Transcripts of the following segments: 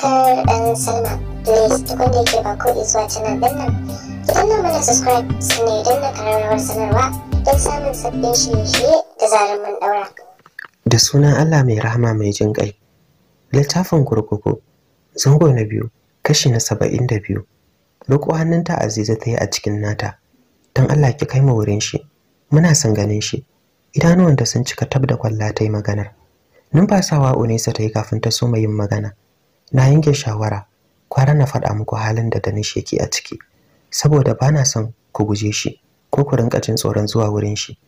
subscribe and sign up. Please tukun da yake ba ko zuwa canal din nan. Ki danna mana subscribe sannan idan na kararrawar sanarwa don samun sabbin shirye-shirye da zarar mun daura. Da sunan Allah mai rahama mai jin ƙai. Littafin kurkuku zango na biyu kashi na saba'in da biyu. Roƙo hannunta Aziza ta yi a cikin nata. Don Allah ki kai mu wurin shi. Muna son ganin shi. Idanuwanta sun cika tab da kwalla ta yi maganar. numfasawa Unesa ta yi kafin ta soma yin magana. na yanke shawara kwara na faɗa muku halin da nishe yake a ciki saboda bana son ku guje shi ko ku rinka jin tsoron zuwa wurin shi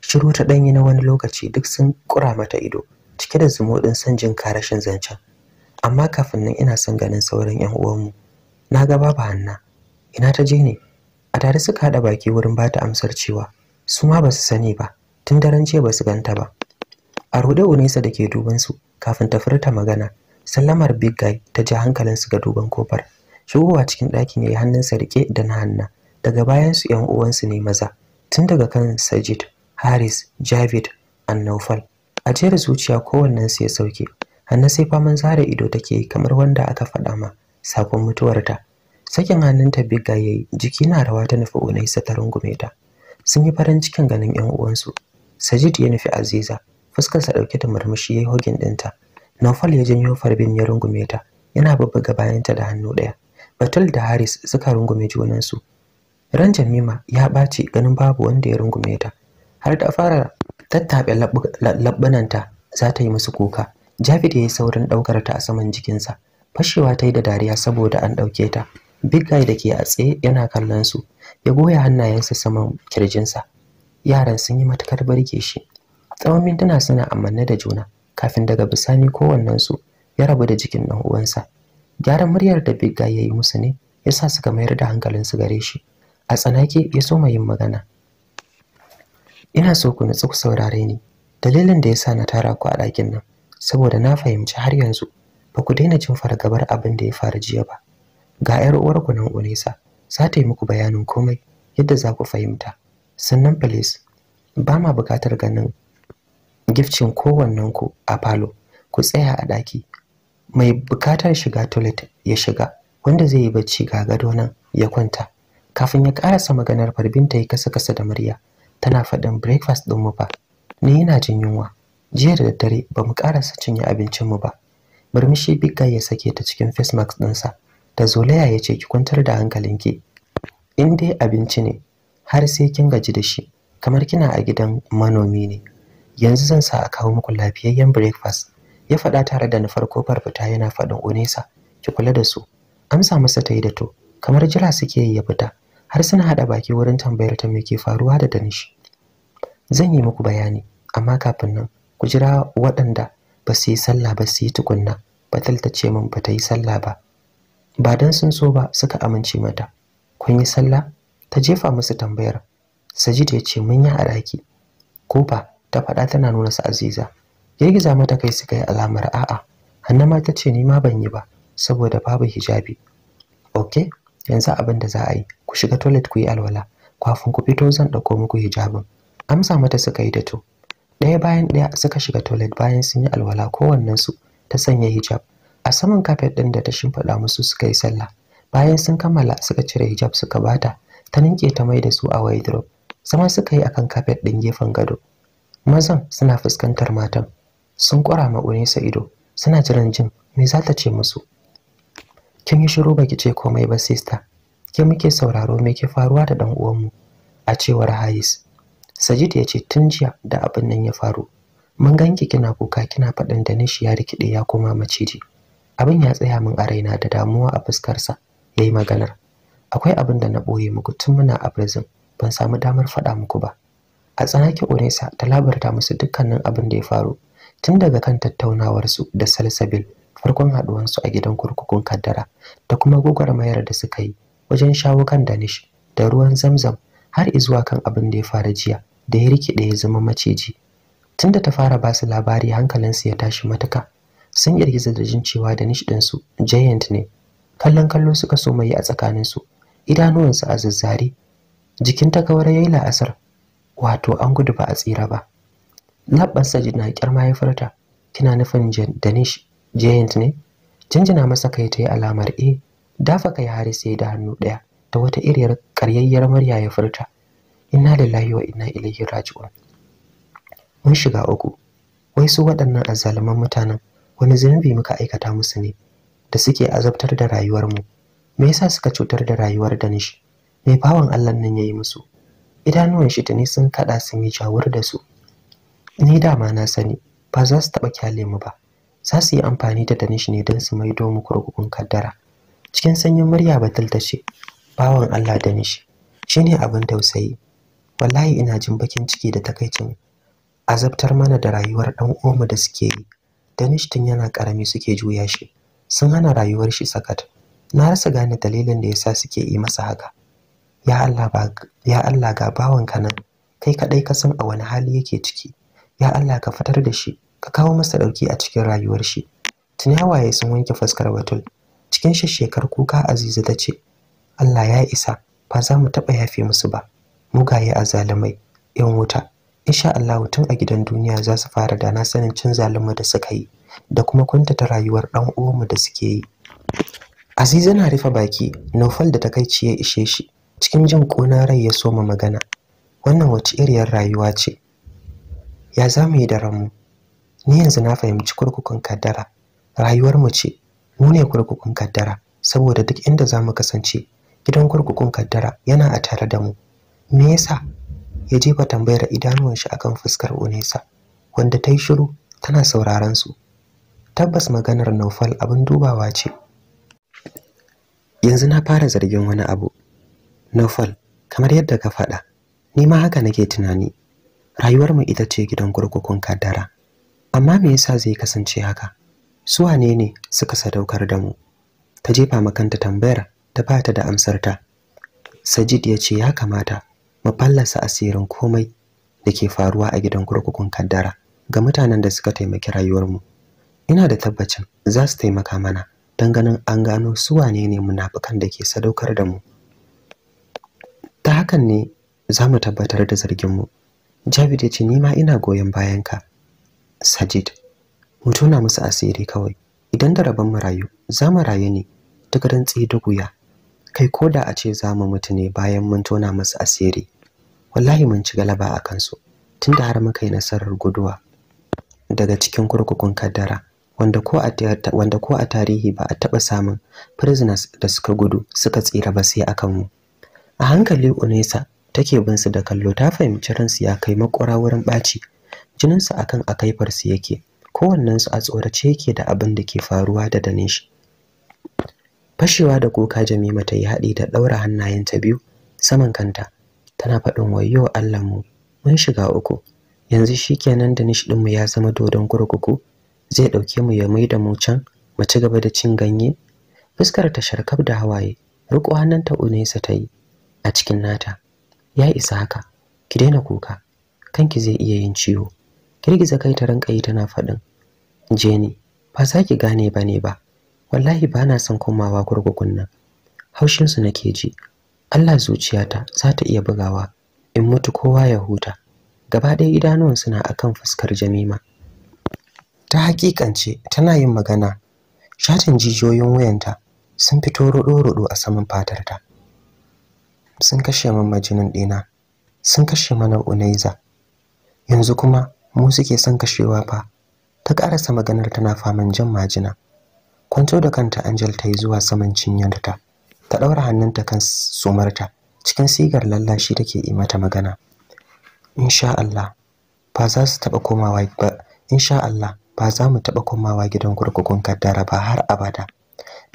shiru ta danyi na wani lokaci duk sun kura mata ido cike da zumuɗin son jin karashin zancen amma kafin nan ina son ganin sauran yan uwanmu na ga baba hanna ina ta je ne a tare suka haɗa baki wurin ba ta amsar cewa su ma ba su sani ba tun daren ce ba su ganta ba a ruɗe unisa da ke duban kafin ta furta magana sallamar big guy ta ji hankalinsu ga duban kofar shigowa cikin ɗakin ya yi hannunsa riƙe da na hanna daga bayansu yan uwansu ne maza tun daga kan sajid haris javid annaufal a jiyar zuciya su ya sauke hannu sai faman zara ido take kamar wanda aka faɗa ma sakon mutuwarta sakin hannunta big guy ya yi jiki na rawa ta nufi unaisa ta rungume ta sun yi farin cikin ganin yan uwansu sajid ya nufi aziza fuskarsa ɗauke da murmushi ya yi hogin ɗinta nofal ya janyo farbin ya rungume ta, yana bubbuga bayanta da hannu ɗaya. Batul da Haris suka rungume junansu. Ran Jamima ya ɓaci ganin babu wanda ya rungume ta. Har da fara tattaɓe labbananta za ta yi musu kuka. Jafid ya yi saurin ɗaukar ta a saman jikinsa. Fashewa ta yi da dariya saboda an ɗauke ta. Big guy da ke a tsaye yana kallon su. Ya goya hannayensa saman kirjinsa. Yaran sun yi matukar barke shi. Tsawon mintuna suna amanne da juna. kafin daga bisani kowannensu ya rabu da jikin ɗan uwansa gyaran muryar da big guy ya yi musu ne ya sa suka mayar da hankalinsu gare shi a tsanake ya soma yin magana ina so ku nutsu ku saurare ni dalilin da ya sa na tara ku a ɗakin nan saboda na fahimci har yanzu ba ku daina jin fargabar abin da ya faru jiya ba ga 'yar uwar ku nan unesa za ta yi muku bayanin komai yadda za ku fahimta sannan please ba ma buƙatar ganin gifcin ku a falo ku tsaya a daki mai bukatar shiga toilet ya shiga wanda zai yi bacci ga gado nan ya kwanta kafin ya karasa maganar farbin ta yi kasa kasa da murya tana faɗin breakfast din mu ba ni ina jin yunwa jiya da daddare ba mu karasa cinye abincin mu ba murmushi bigga ya sake ta cikin face mask ɗinsa da zolaya ya ce ki kwantar da hankalinki in dai abinci ne har sai kin gaji da shi kamar kina a gidan manomi ne yanzu zan sa a kawo muku lafiyayyen breakfast ya faɗa tare da nufar kofar fita yana faɗin onesa ki kula da su amsa masa ta yi da to kamar jira suke yi ya fita har suna haɗa baki wurin tambayar ta me ke faruwa da danish zan yi muku bayani amma kafin nan ku jira waɗanda ba su yi sallah ba su yi tukunna batal ta ce min ba ta yi sallah ba ba dan sun so ba suka amince mata kun yi sallah ta jefa musu tambayar sajid ya ce mun yi a ɗaki ko ba ta faɗa tana nuna su aziza girgiza mata kai suka yi alamar a'a hanna ma ta ce ni ma ban yi ba saboda babu hijabi ok yanzu abin da za a yi ku shiga toilet ku yi alwala kafin ku fito zan ɗauko muku hijabin amsa mata suka yi da to ɗaya bayan ɗaya suka shiga toilet bayan sun yi alwala kowannensu ta sanya hijab a saman kafet ɗin da ta shimfiɗa musu suka yi sallah bayan sun kammala suka cire hijab suka bata ta ninke ta mai da su a wardrobe zama suka yi akan kafet ɗin gefen gado mazan suna fuskantar matan sun ƙura ma Unesa ido suna jiran jin me za ta ce musu kin yi shiru baki ce komai ba sister ke muke sauraro me ke faruwa da dan uwanmu a cewar Hayis Sajid ya ce tun jiya da abin nan ya faru mun ganki kina kuka kina faɗin da nishi ya rikide ya koma maciji abin ya tsaya min a raina da damuwa a fuskarsa ya yi maganar akwai abin da na ɓoye muku tun muna a prison ban samu damar faɗa muku ba a tsanake Oresa ta labarta musu dukkanin abin da ya faru tun daga kan tattaunawarsu da Salsabil farkon haduwansu a gidan kurkukun Kaddara da kuma gwagwarmayar da suka yi wajen shawo kan Danish da ruwan Zamzam har izuwa kan abin da ya faru jiya da ya rikide ya zama maciji tunda ta fara basu labari hankalinsu ya tashi matuka sun girgiza da jin cewa Danish ɗinsu giant ne kallon kallo suka so mai a tsakaninsu idanuwansu a zazzare jikin takawar kawar yayi la'asar wato an gudu ba a tsira ba sa jina kyar mahaifarta kina nufin danish giant ne jinjina masa kai ta yi alamar e dafa kai har sai da hannu ɗaya ta wata iriyar karyayyar murya ya furta inna lillahi wa inna ilaihi raji'un mun shiga uku wai su waɗannan azzaluman mutanen wani zunubi muka aikata musu ne da suke azabtar da rayuwarmu me yasa suka cutar da rayuwar danish me bawan allah nan ya yi musu idanuwan shi tuni sun kada sun yi jawur da su ni dama na sani ba za su taba kyale mu ba za su yi amfani da danish ne don su maido mu kurkukun kaddara cikin sanyin murya batul ta ce bawan Allah danishi shine abin tausayi wallahi ina jin bakin ciki da takaicin azabtar mana da rayuwar dan mu da suke yi danish tun yana karami suke juya shi sun hana rayuwar shi sakat na rasa gane dalilin da yasa suke yi masa haka ya Allah ga bawanka nan kai kaɗai ka san a wani hali yake ciki ya Allah ka fitar da shi ka kawo masa dauki a cikin rayuwar shi tuni hawaye sun wanke fuskar batul cikin shekar kuka aziza ta ce Allah ya isa ba za mu taɓa yafe musu ba mugaye zalumai, yan wuta insha Allah tun a gidan duniya za su fara dana sanin cin zalunmu da suka yi da kuma kuntata rayuwar dan uwanmu da suke yi Aziza na rufe baki Nofal da ta takaici ya ishe shi cikin jin ƙunar rai ya soma magana wannan wace iriyar rayuwa ce ya za mu yi da ranmu ni yanzu na fahimci kurkukun kaddara rayuwar mu ce mu ne kurkukun kaddara saboda duk inda za mu kasance gidan kurkukun kaddara yana a tare da mu me yasa ya jefa tambayar idanuwan shi akan fuskar Unesa wanda ta yi shiru tana sauraron su tabbas maganar Naufal abin dubawa ce yanzu na fara zargin wani abu Nufal, kamar yadda ka faɗa, ni ma haka nake tunani. Rayuwarmu ita ce gidan kurkukun kaddara. Amma me yasa zai kasance haka? Su wane ne suka sadaukar da mu? Ta jefa makanta tambayar ta ba ta da amsarta. Sajid ya ce ya kamata mu fallasa asirin komai da ke faruwa a gidan kurkukun kaddara ga mutanen da suka taimaki rayuwarmu. Ina da tabbacin za su taimaka mana don ganin an gano su wane ne munafukan da ke sadaukar da mu. ta hakan ne za mu tabbatar da zarginmu Javid ya ce nima ina goyon bayanka Sajid mu tona musu asiri kawai idan da rabon marayu za mu rayu ne duk rantsi duk wuya kai ko da a ce za mu mutu ne bayan mun tona musu asiri wallahi mun ci galaba a kansu tunda har muka yi nasarar guduwa daga cikin kurkukun kaddara wanda ko a tarihi ba a taɓa samun prisoners da suka gudu suka tsira ba sai akan mu a hankali unesa take bin su da kallo ta fahimci ransu ya kai makura wurin ɓaci jininsu akan akaifarsu yake su a tsorace yake da abin da ke faruwa da danish fashewa da kuka jamima ta yi haɗi da ɗaura hannayen ta biyu saman kanta tana faɗin wayo Allah mu mun shiga uku yanzu shikenan danish mu ya zama dodon kurkuku zai ɗauke mu ya mai da mu can mu ci gaba da cin ganye fuskar ta sharkab da hawaye riƙo hannunta unesa ta yi a cikin nata ya isa haka ki daina kuka kanki zai iya yin ciwo girgiza kai ta ranka yi tana faɗin jeni ba za ki gane ba ne ba wallahi ba na son komawa kurkukun nan haushinsu nake ji allah zuciyata za ta iya bugawa in mutu kowa ya huta gaba ɗaya idanuwan suna akan fuskar jamima ta hakikance tana yin magana shatin jijiyoyin wuyanta sun fito roɗo-roɗo a saman fatarta sun kashe min majinin ɗina sun kashe mana unaiza yanzu kuma mu suke son kashewa fa ta karasa maganar tana faman jan majina kwanto da kanta angel ta yi zuwa saman cinyarta ta ɗaura hannunta kan sumarta cikin sigar lallashi take yi mata magana insha Allah ba za su taɓa komawa ba insha Allah ba za mu taɓa komawa gidan kurkukun kaddara ba har abada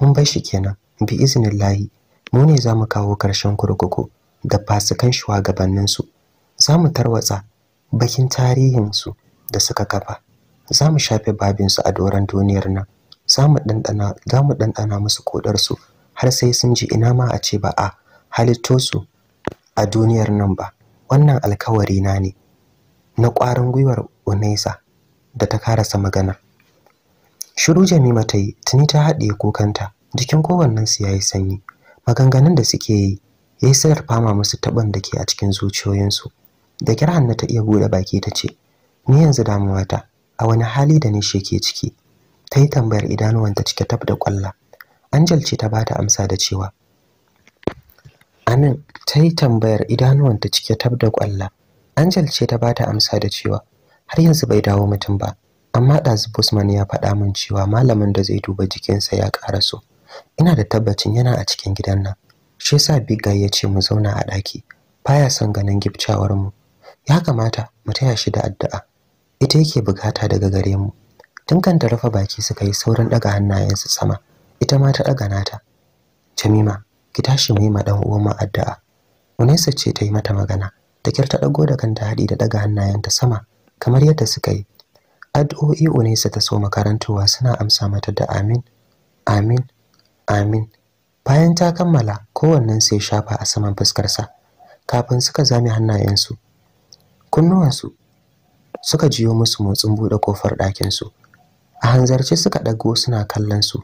mun bai shi kenan bi iznillahi mu ne za mu kawo ƙarshen kurkuku da fasikan shugabanninsu za mu tarwatsa bakin tarihinsu da suka kafa za mu shafe babinsu a doron duniyar nan za mu ɗanɗana musu kodarsu har sai sun ji ina ma a ce ba a halittosu a duniyar nan ba wannan alkawari na ne na ƙwarin gwiwar unaisa da ta karasa magana. shiru jamima ta yi tuni ta haɗiye kukanta jikin kowannensu ya yi sanyi maganganun da suke yi ya yi sayar fama musu taɓon da ke a cikin zuciyoyinsu da kyar hannu ta iya buɗe baki ta ce ni yanzu damuwata a wani hali da nishe ke ciki ta yi tambayar idanuwanta cike tab da ƙwalla angel ce ta ba amsa da cewa anan ta yi tambayar idanuwanta cike tab da kwalla angel ce ta bata amsa da cewa har yanzu bai dawo mutum ba amma ɗazu bosman ya faɗa min cewa malamin da zai duba jikinsa ya so ina da tabbacin yana a cikin gidan nan shi yasa big guy ya ce mu zauna a ɗaki baya son ganin gifcawar mu ya kamata mu taya shi da addu'a ita yake bukata daga gare mu tun kan ta rufe baki suka yi sauran daga hannayensu sama ita ma ta daga nata jamima ki tashi mu yi ma dan uwan mu addu'a Unesa ce ta yi mata magana ta kirta dago da kanta haɗi da daga hannayenta sama kamar yadda suka yi addu'o'i Unesa ta so makarantuwa suna amsa mata da amin amin Amin. Bayan ta kammala, kowannen ya shafa a saman fuskarsa, kafin suka zame hannayensu. Kunnuwansu suka jiyo musu motsin buɗe kofar ɗakinsu. A hanzarce suka ɗago suna kallon su.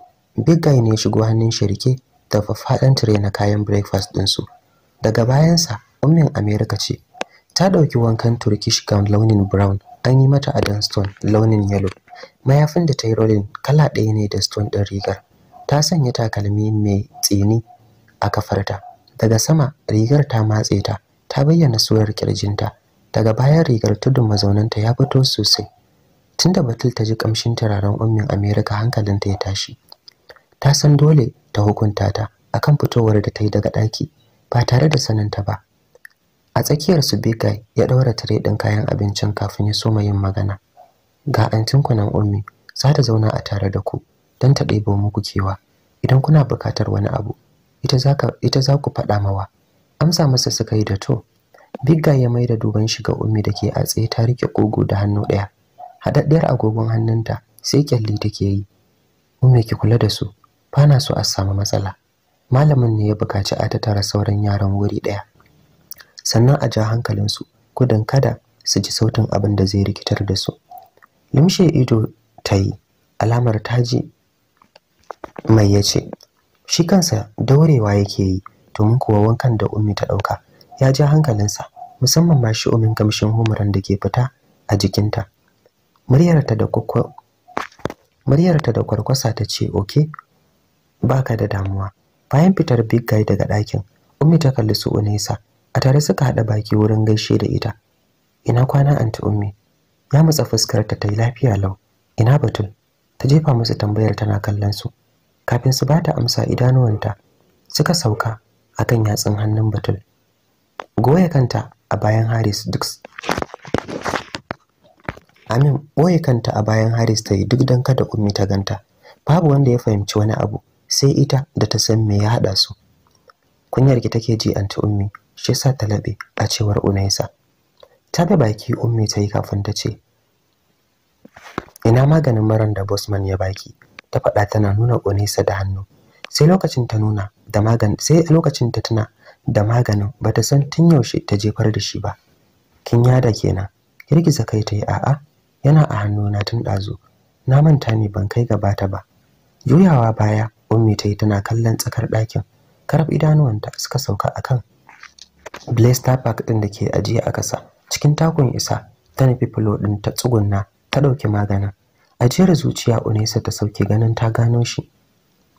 Big guy ne shigo hannun shirke da faffaɗan tire na kayan breakfast ɗinsu. Daga bayansa, ummin Amerika ce. Ta ɗauki wankan Turkish gown launin brown, an yi mata adon stone launin yellow. Mayafin da ta yi rolling kala ɗaya ne da stone ɗin rigar. ta sanya takalmi mai tsini a kafarta daga sama rigar ta matse ta ta bayyana surar kirjinta daga bayan rigar tudun mazaunanta ya fito sosai tunda batul ta ji kamshin turaren ummin america hankalinta ya tashi ta san dole ta hukunta ta akan fitowar da ta yi daga ɗaki ba tare da saninta ba a tsakiyar su bigai ya ɗaura tire ɗin kayan abincin kafin ya soma yin magana ga antin kunan ummi za ta zauna a tare da ku don ta ɗebo muku kewa idan kuna buƙatar wani abu ita za ku faɗa mawa amsa masa suka yi da to bigga ya mai da duban shiga ga da ke a tsaye ta rike ƙugu da hannu ɗaya haɗaɗɗiyar agogon hannunta sai kyalli take yi ummi ki kula da su fana su a samu matsala malamin ne ya buƙaci a ta tara sauran yaran wuri ɗaya sannan a ja hankalinsu gudun kada su ji sautin abin da zai rikitar da su limshe ido ta yi alamar taji. mai ya ce shi kansa daurewa yake yi domin kuwa wankan da ummi ta ɗauka ya ja hankalinsa musamman ma shi umin kamshin humuran da ke fita a jikinta muryarta da kwarkwasa ta ce oke baka da damuwa bayan fitar big guy daga ɗakin ummi ta kalli su unesa a tare suka haɗa baki wurin gaishe da ita ina kwana anti ummi ya matsa fuskar ta yi lafiya lau ina batul ta jefa musu tambayar tana kallon su kafin su bata amsa idanuwanta suka sauka a kan yatsun hannun batul goye kanta a bayan haris duk amin boye kanta a bayan haris ta yi duk don kada ummi ta ganta babu wanda ya fahimci wani abu sai ita da ta san me ya haɗa su kunyar ki take ji anti ummi shi sa ta labe a cewar unaisa ta ga baki ummi ta yi kafin ta ce ina maganin maran da bosman ya baki ta faɗa tana nuna ƙonesa da hannu sai lokacin ta nuna da magani sai a lokacin ta tuna da maganin bata san tun yaushe ta jefar da shi ba kin yada kenan girgiza kai ta yi a'a yana a hannu na tun ɗazu na manta ne ban kai gabata ba juyawa baya ummi ta yi tana kallon tsakar ɗakin karab idanuwanta suka sauka akan blaster park ɗin da ke ajiye a ƙasa cikin takun isa ta nufi filo ɗin ta tsugunna ta ɗauki maganin ajiyar zuciya Unesa ta sauke ganin ta gano shi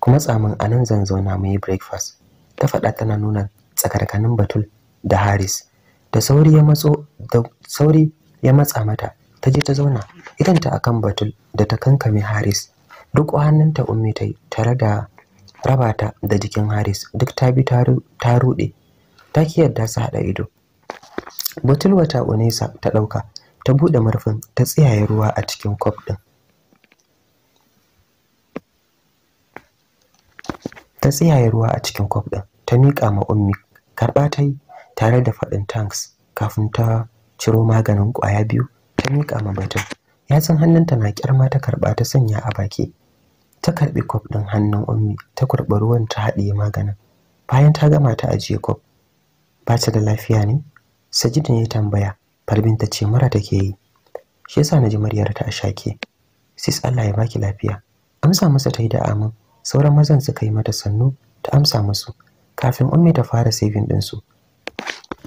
kuma tsamin anan zan zauna mu yi breakfast ta faɗa tana nuna tsakarkanin Batul da Haris da sauri ya matso da sauri ya matsa mata ta je ta zauna idanta kan Batul da ta kankame Haris duk hannunta ummi ta tare da rabata da jikin Haris duk ta bi ta ruɗe ta ki yarda su haɗa ido Batul wata Unesa ta ɗauka ta buɗe murfin ta tsiyaye ruwa a cikin kwaf ɗin ta tsiyaye ruwa a cikin kwaf ɗin ta miƙa ma ummi karɓa ta yi tare da faɗin tanks kafin ta ciro maganin ƙwaya biyu ta miƙa ma batun yatsun hannunta na ƙyarma ta karɓa ta sanya a baki ta karɓi kwaf ɗin hannun ummi ta kurɓa ruwan ta haɗiye maganin bayan ta gama ta ajiye kwaf ba ta da lafiya ne sajidu ne ya tambaya farbin ta ce mara take yi shi yasa na ji muryar ta a shake sis Allah ya baki lafiya amsa masa ta yi da amin sauran mazan suka yi mata sannu ta amsa musu kafin ummi ta fara saving ɗinsu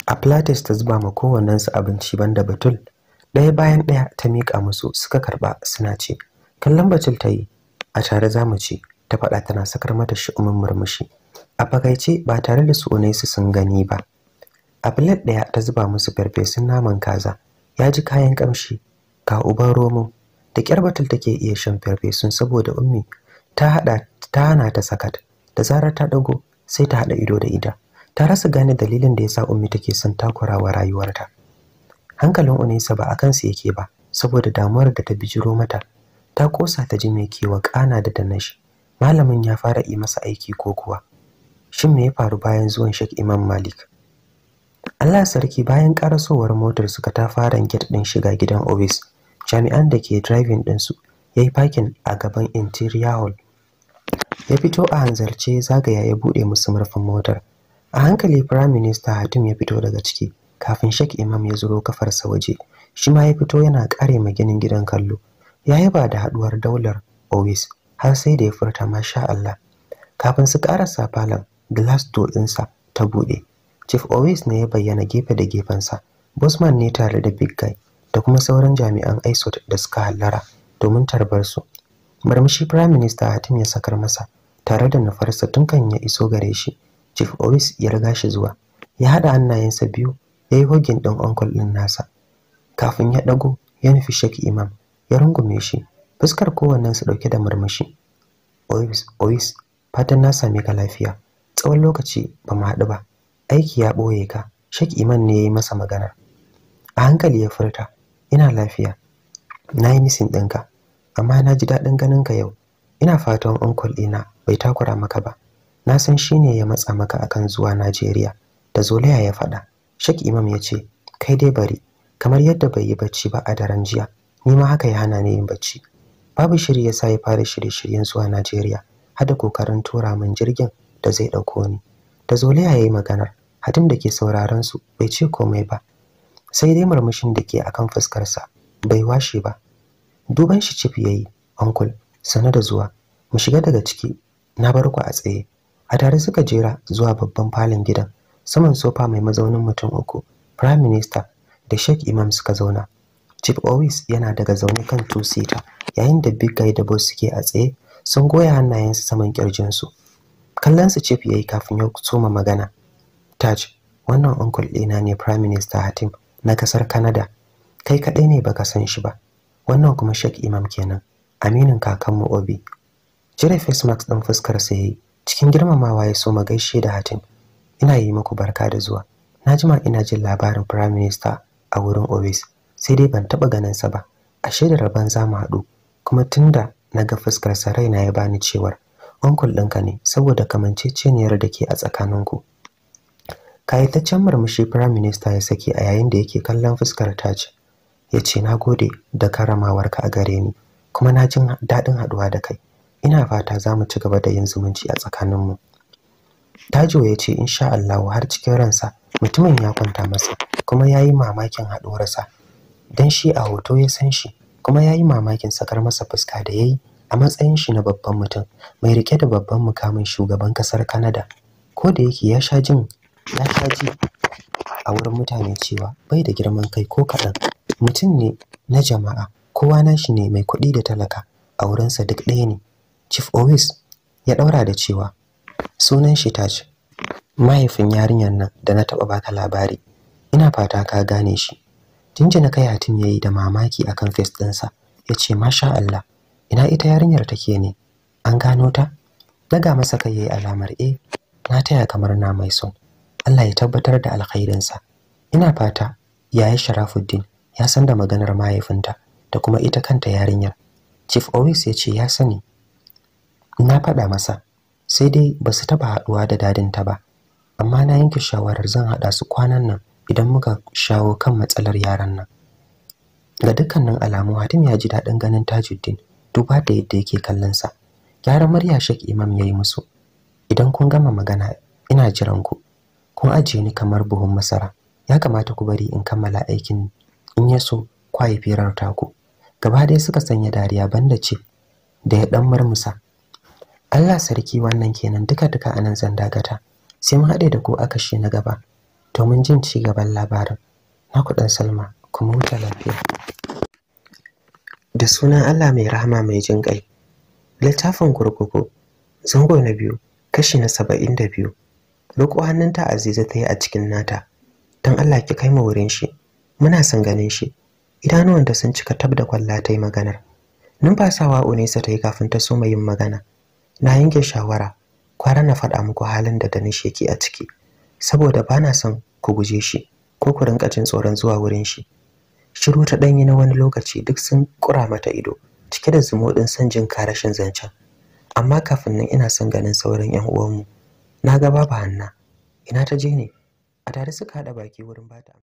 a plates ta zuba ma su abinci banda batul ɗaya bayan ɗaya ta miƙa musu suka karɓa suna ce kallon batul ta yi a tare za mu ce ta faɗa tana sakar mata shi'umin murmushi a fakaice ba tare da su unaisu sun gani ba a filet ɗaya ta zuba musu farfesun naman kaza ya ji kayan ƙamshi ka uban romo da ƙyar batul take iya shan farfesun saboda ummi ta haɗa ta hana ta sakat da zarar ta dago sai ta hada ido da ita ta rasa gane dalilin da yasa ummi take son takurawa rayuwarta hankalin Unisa ba a su yake ba saboda damuwar da ta bijiro mata ta kosa ta ji mai kewa kana da danashi malamin ya fara yi masa aiki ko kuwa shin me ya faru bayan zuwan Sheikh Imam Malik Allah sarki bayan karasowar motar suka ta fara gate din shiga gidan office jami'an da ke driving din su yayi parking a gaban interior hall ya fito a hanzarce zagaya ya buɗe musu murfin motar a hankali Prime Minister hatim ya fito daga ciki kafin shek imam ya zuro kafarsa waje shi ma ya fito yana kare maginin gidan kallo ya yaba da haduwar daular always har sai da ya furta masha Allah kafin su karasa falon glass door ɗinsa ta buɗe chief always ne ya bayyana gefe da gefensa bosman ne tare da big guy da kuma sauran jami'an isot da suka hallara domin tarbar su murmushi prime minister hatim ya sakar masa tare da nufarsa tun kan ya iso gare shi chief owis ya riga shi zuwa ya haɗa hannayensa biyu ya yi hogin ɗin onkol ɗin nasa kafin ya ɗago ya nufi shek imam ya rungume shi fuskar kowannensu ɗauke da murmushi owis owis fatan na same ka lafiya tsawon lokaci ba mu haɗu ba aiki ya ɓoye ka shek iman ne ya yi masa magana a hankali ya furta ina lafiya na yi misin ɗinka amma na ji daɗin ganinka yau ina fatan onkol ɗina bai takura maka ba na san shine ya matsa maka akan zuwa Najeriya da zolaya ya faɗa Sheikh Imam ya ce kai dai bari kamar yadda bai yi bacci ba a daren jiya ni ma haka ya hana ni yin bacci babu shiri ya sa ya fara shirye-shiryen zuwa Najeriya har da kokarin tura min jirgin da zai ɗauko ni da zolaya ya yi maganar hatim da ke sauraron su bai ce komai ba sai dai murmushin da ke akan fuskarsa bai washe ba duban shi cif yayi uncle sana da zuwa mu shiga daga ciki na bar ku a tsaye a tare suka jera zuwa babban falon gidan saman sofa mai mazaunin mutum uku prime minister da sheikh imam suka zauna chief Owis, yana daga zaune kan tusita yayin da big guy da boss suke a tsaye sun goya hannayensu saman kirjinsu kallon su chief yayi kafin ya soma magana taj wannan uncle dina ne prime minister hatim na kasar canada kai kadai ne baka san shi ba wannan kuma sheikh imam kenan aminin kakanmu obi Cire face mask ɗin fuskar sa yayi. Cikin girmamawa ya so mu gaishe da Hatim. Ina yi muku barka da zuwa. Na jima ina jin labarin Prime Minister a wurin Obis, sai dai ban taɓa ganin sa ba. Ashe da rabon za mu haɗu, kuma tunda na ga fuskar sa raina ya bani cewar onkul ɗinka ne saboda kamanceceniyar da ke a tsakaninku. Kayataccen murmushi Prime Minister ya saki a yayin da yake kallon fuskar tace. Ya ce, Na gode da karamawarka a gare ni, kuma na jin daɗin haɗuwa da kai. ina fata za mu ci gaba da yin zumunci a tsakaninmu tajo ya ce insha allahu har cikin ransa mutumin ya kwanta masa kuma ya yi mamakin haɗuwarsa don shi a hoto ya san shi kuma ya yi mamakin sakar masa fuska da ya yi a matsayin shi na babban mutum mai rike da babban mukamin shugaban kasar Kanada? ko da yake ya sha jin ya sha ji a wurin mutane cewa bai da girman kai ko kaɗan mutum ne na jama'a kowa na shi ne mai kuɗi da talaka a wurinsa duk ɗaya ne Chief Owis ya ɗaura da cewa sunan shi ta ce. mahaifin yarinyar nan da na taɓa baka labari ina fata ka gane shi jinjina kai hatin yayi da mamaki akan face ɗinsa yace masha Allah ina ita yarinyar take ne an gano ta daga masa kai yayi alamar eh na taya kamar na mai son Allah ya tabbatar da alkhairinsa ina fata yayi Sharafuddin ya san da maganar mahaifinta da kuma ita kanta yarinyar Chief Owis ya ce ya sani na faɗa masa sai dai ba su taɓa haɗuwa da dadinta ba amma na yanke shawarar zan haɗa su kwanan nan idan muka shawo kan matsalar yaran nan ga dukkanin alamu hatim ya ji daɗin ganin tajuddin duba da yadda yake kallon sa gyaran murya shek imam ya yi musu idan kun gama magana ina jiran ku kun ajiye ni kamar buhun masara ya kamata ku bari in kammala aikin in ya so kwaye firar taku gaba ɗaya suka sanya dariya banda ce da ya ɗan murmusa Allah sarki wannan kenan duka duka a nan zan dagata, sai mun haɗe da ku aka shi na gaba domin jin ci gaban labarin na kuɗin Salma kuma huta lafiya da sunan Allah mai rahama mai jin ƙai littafin kurkuku zango na biyu kashi na saba'in da biyu roƙo ta aziza ta yi a cikin nata don allah ki kai mu wurin shi muna son ganin shi Idanuwan da sun cika tab da kwalla ta yi maganar numfasawa unesa ta yi kafin ta soma yin magana na yanke shawara kwara na faɗa muku halin da Danish yake a ciki saboda ba na son ku guje shi ko ku rinka jin tsoron zuwa wurin shi shiru ta danyi na wani lokaci duk sun kura mata ido cike da zumuɗin son jin karashin zancen amma kafin nan ina son ganin sauran yan uwanmu na ga babu hanna ina ta je ne a tare suka haɗa baki wurin bata